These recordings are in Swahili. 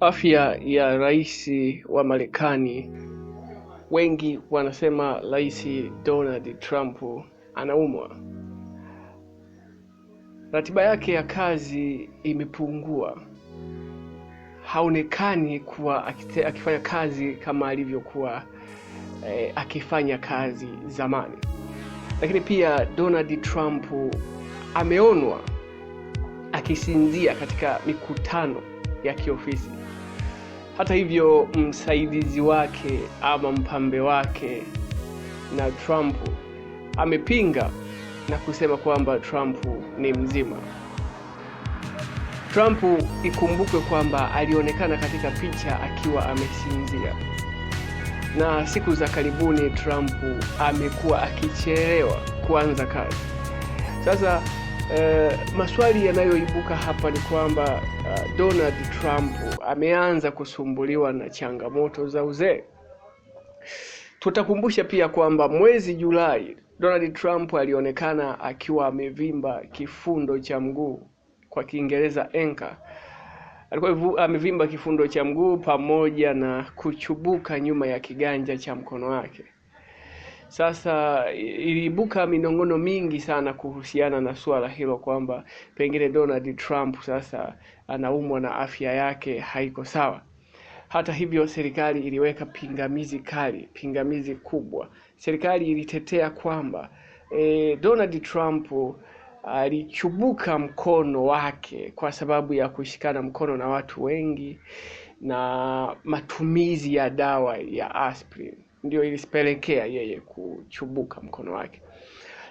Afya ya rais wa Marekani. Wengi wanasema Rais Donald Trump anaumwa. Ratiba yake ya kazi imepungua, haonekani kuwa akifanya kazi kama alivyokuwa eh, akifanya kazi zamani. Lakini pia Donald Trump ameonwa akisinzia katika mikutano ya kiofisi. Hata hivyo, msaidizi wake ama mpambe wake na Trump amepinga na kusema kwamba Trump ni mzima. Trump ikumbukwe kwamba alionekana katika picha akiwa amesinzia, na siku za karibuni Trump amekuwa akichelewa kuanza kazi. Sasa Eh, maswali yanayoibuka hapa ni kwamba uh, Donald Trump ameanza kusumbuliwa na changamoto za uzee. Tutakumbusha pia kwamba mwezi Julai Donald Trump alionekana akiwa amevimba kifundo cha mguu, kwa Kiingereza enka Alikuwa amevimba kifundo cha mguu pamoja na kuchubuka nyuma ya kiganja cha mkono wake. Sasa iliibuka minongono mingi sana kuhusiana na suala hilo kwamba pengine Donald Trump sasa anaumwa na afya yake haiko sawa. Hata hivyo, serikali iliweka pingamizi kali, pingamizi kubwa. Serikali ilitetea kwamba e, Donald Trump alichubuka mkono wake kwa sababu ya kushikana mkono na watu wengi na matumizi ya dawa ya aspirin ndio ilispelekea yeye kuchubuka mkono wake.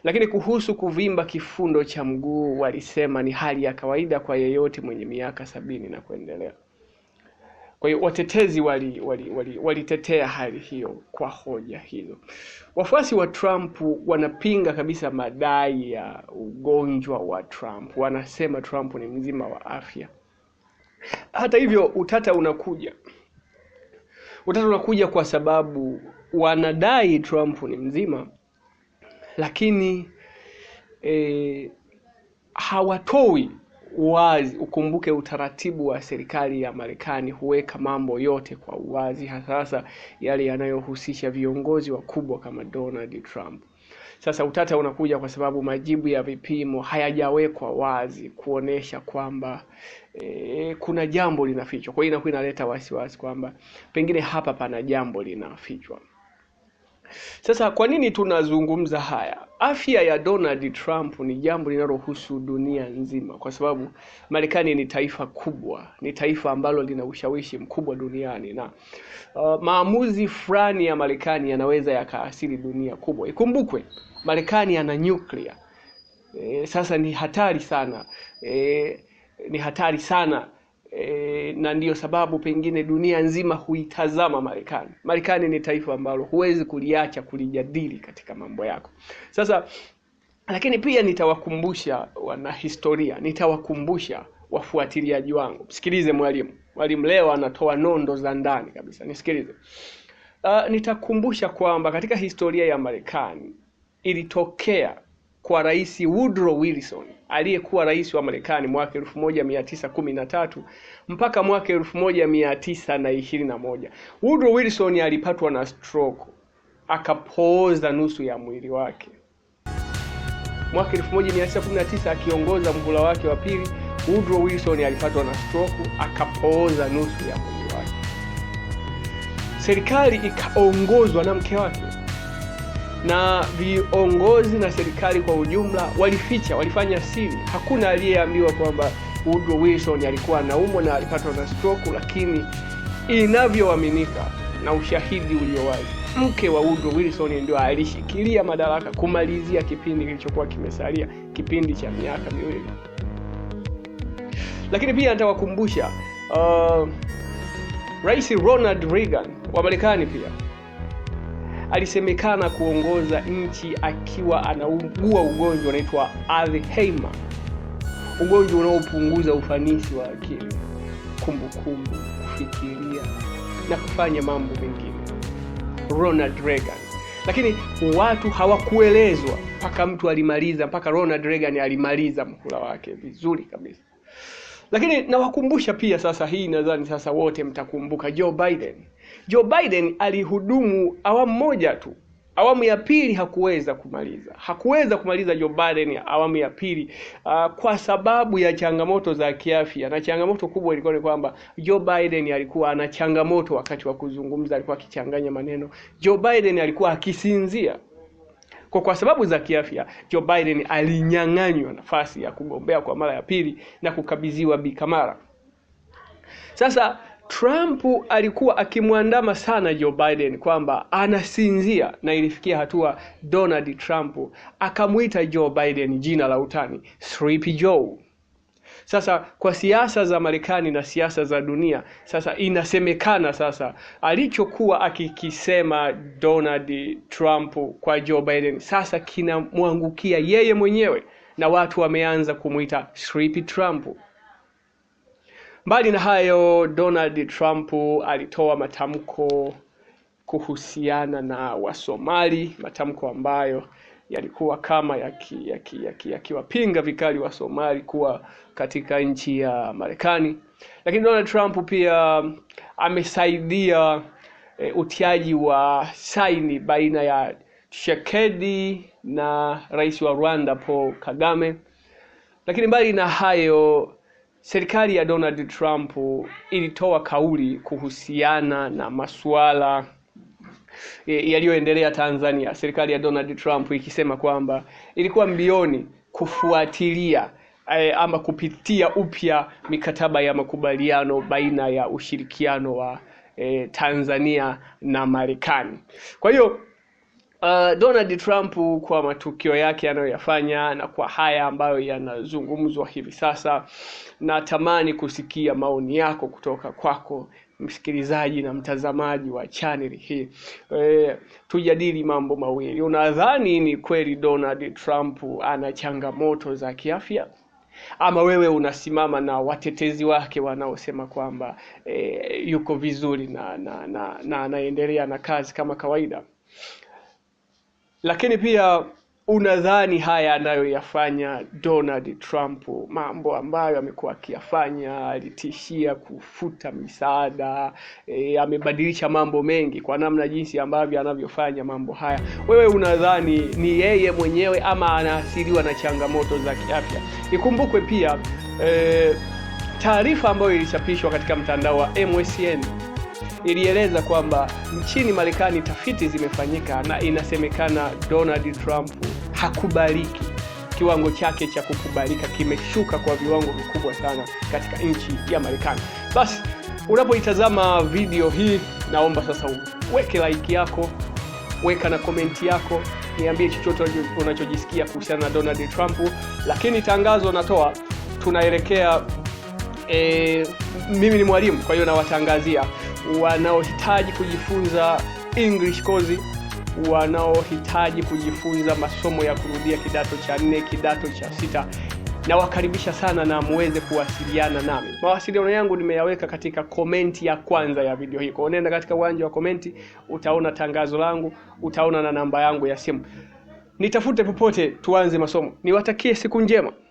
Lakini kuhusu kuvimba kifundo cha mguu walisema ni hali ya kawaida kwa yeyote mwenye miaka sabini na kuendelea. Kwa hiyo watetezi walitetea wali, wali, wali hali hiyo kwa hoja hizo. Wafuasi wa Trump wanapinga kabisa madai ya ugonjwa wa Trump, wanasema Trump ni mzima wa afya. Hata hivyo, utata unakuja Utata unakuja kwa sababu wanadai Trump ni mzima, lakini e, hawatoi wazi. Ukumbuke utaratibu wa serikali ya Marekani huweka mambo yote kwa uwazi, hasa yale yanayohusisha viongozi wakubwa kama Donald Trump. Sasa utata unakuja kwa sababu majibu ya vipimo hayajawekwa wazi kuonesha kwamba e, kuna jambo linafichwa. Kwa hiyo inakuwa inaleta wasiwasi kwamba pengine hapa pana jambo linafichwa. Sasa kwa nini tunazungumza haya? Afya ya Donald Trump ni jambo linalohusu dunia nzima, kwa sababu Marekani ni taifa kubwa, ni taifa ambalo lina ushawishi mkubwa duniani na uh, maamuzi fulani ya Marekani yanaweza yakaasiri dunia kubwa. Ikumbukwe Marekani ana nyuklia e, sasa ni hatari sana e, ni hatari sana e, na ndiyo sababu pengine dunia nzima huitazama Marekani. Marekani ni taifa ambalo huwezi kuliacha kulijadili katika mambo yako. Sasa lakini pia nitawakumbusha wanahistoria, nitawakumbusha wafuatiliaji wangu, msikilize mwalimu. Mwalimu leo anatoa nondo za ndani kabisa, nisikilize. Uh, nitakumbusha kwamba katika historia ya Marekani ilitokea kwa Rais Woodrow Wilson aliyekuwa rais wa Marekani mwaka 1913 mpaka mwaka 1921. Woodrow Wilson alipatwa na stroke akapooza nusu ya mwili wake. Mwaka 1919 akiongoza mhula wake wa pili, Woodrow Wilson alipatwa na stroke akapooza nusu ya mwili wake. Serikali ikaongozwa na mke wake na viongozi na serikali kwa ujumla walificha, walifanya siri. Hakuna aliyeambiwa kwamba Woodrow Wilson alikuwa anaumwa na alipatwa na stroke, lakini inavyoaminika na ushahidi ulio wazi, mke wa Woodrow Wilson ndio alishikilia madaraka kumalizia kipindi kilichokuwa kimesalia, kipindi cha miaka miwili. Lakini pia nitawakumbusha uh, Rais Ronald Reagan wa Marekani pia alisemekana kuongoza nchi akiwa anaugua ugonjwa unaitwa Alzheimer, ugonjwa unaopunguza ufanisi wa akili, kumbukumbu, kufikiria na kufanya mambo mengine. Ronald Reagan. Lakini watu hawakuelezwa mpaka mtu alimaliza, mpaka Ronald Reagan alimaliza mhula wake vizuri kabisa. Lakini nawakumbusha pia, sasa hii nadhani sasa wote mtakumbuka Joe Biden Joe Biden alihudumu awamu moja tu, awamu ya pili hakuweza kumaliza, hakuweza kumaliza Joe Biden awamu ya pili uh, kwa sababu ya changamoto za kiafya, na changamoto kubwa ilikuwa ni kwamba Joe Biden alikuwa ana changamoto wakati wa kuzungumza, alikuwa akichanganya maneno. Joe Biden alikuwa akisinzia kwa kwa sababu za kiafya Joe Biden alinyang'anywa nafasi ya kugombea kwa mara ya pili na kukabidhiwa Bi Kamala. Sasa Trump alikuwa akimwandama sana Joe Biden kwamba anasinzia, na ilifikia hatua Donald Trump akamwita Joe Biden jina la utani Sleepy Joe. Sasa kwa siasa za Marekani na siasa za dunia, sasa inasemekana sasa alichokuwa akikisema Donald Trump kwa Joe Biden sasa kinamwangukia yeye mwenyewe, na watu wameanza kumwita Sleepy Trump. Mbali na hayo, Donald Trump alitoa matamko kuhusiana na Wasomali, matamko ambayo yalikuwa kama yakiwapinga yaki, yaki, yaki, vikali Wasomali kuwa katika nchi ya Marekani. Lakini Donald Trump pia amesaidia e, utiaji wa saini baina ya Tshisekedi na rais wa Rwanda Paul Kagame. Lakini mbali na hayo serikali ya Donald Trump ilitoa kauli kuhusiana na masuala e, yaliyoendelea Tanzania, serikali ya Donald Trump ikisema kwamba ilikuwa mbioni kufuatilia e, ama kupitia upya mikataba ya makubaliano baina ya ushirikiano wa e, Tanzania na Marekani. Kwa hiyo Uh, Donald Trump kwa matukio yake anayoyafanya na kwa haya ambayo yanazungumzwa hivi sasa, natamani kusikia maoni yako kutoka kwako msikilizaji na mtazamaji wa channel hii. E, tujadili mambo mawili. Unadhani ni kweli Donald Trump ana changamoto za kiafya? ama wewe unasimama na watetezi wake wanaosema kwamba e, yuko vizuri na na na anaendelea na, na kazi kama kawaida lakini pia unadhani haya anayoyafanya Donald Trump, mambo ambayo amekuwa akiyafanya, alitishia kufuta misaada e, amebadilisha mambo mengi kwa namna jinsi ambavyo anavyofanya mambo haya, wewe unadhani ni yeye mwenyewe ama anaathiriwa na changamoto za kiafya? Ikumbukwe pia e, taarifa ambayo ilichapishwa katika mtandao wa MSN ilieleza kwamba nchini Marekani tafiti zimefanyika na inasemekana Donald Trump hakubaliki. Kiwango chake cha kukubalika kimeshuka kwa viwango vikubwa sana katika nchi ya Marekani. Basi unapoitazama video hii, naomba sasa uweke like yako, weka na komenti yako, niambie chochote unachojisikia kuhusiana na Donald Trump. Lakini tangazo natoa, tunaelekea e, mimi ni mwalimu, kwa hiyo nawatangazia wanaohitaji kujifunza English course, wanaohitaji kujifunza masomo ya kurudia kidato cha nne, kidato cha sita nawakaribisha sana na muweze kuwasiliana nami. Mawasiliano yangu nimeyaweka katika komenti ya kwanza ya video hii. Kwa hiyo nenda katika uwanja wa komenti, utaona tangazo langu, utaona na namba yangu ya simu. Nitafute popote, tuanze masomo. Niwatakie siku njema.